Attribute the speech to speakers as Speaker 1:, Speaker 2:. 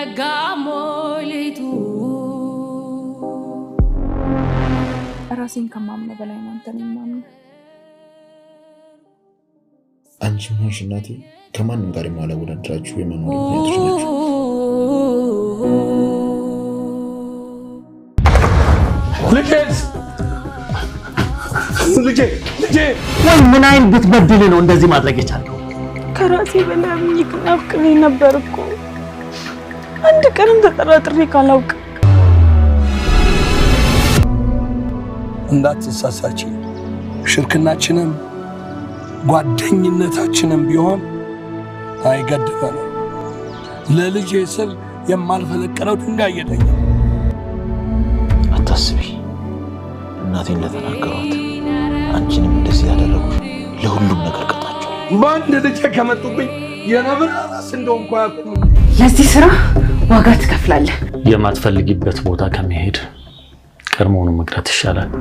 Speaker 1: ነጋ ሞሌቱ ራሴን ከማምነ በላይ ነው አንተን የማምነው።
Speaker 2: ሆንሽ እናቴ ከማንም ጋር የማላወዳድራችሁ የመኖር ምክንያቶች
Speaker 3: ምን አይነት ብትበድል ነው እንደዚህ ማድረግ የቻለው?
Speaker 1: ከራሴ በላይ ምኝክ ናፍቅኝ ነበር እኮ አንድ ቀንም ተጠራጥሬ ካላውቅ
Speaker 4: እንዳትሳሳች ሽርክናችንም ጓደኝነታችንም ቢሆን አይገድበንም። ለልጅ ስል የማልፈለቀለው ድንጋይ እየደኛ።
Speaker 5: አታስቢ። እናቴን ለተናገሯት አንቺንም እንደዚህ ያደረጉ ለሁሉም ነገር ቀጣቸው።
Speaker 4: በአንድ ልጄ ከመጡብኝ የነብር ራስ እንደሆንኩ ያቁ
Speaker 6: ለዚህ ስራ ዋጋ ትከፍላለህ።
Speaker 5: የማትፈልጊበት ቦታ ከመሄድ ቀድሞውኑ መቅረት ይሻላል።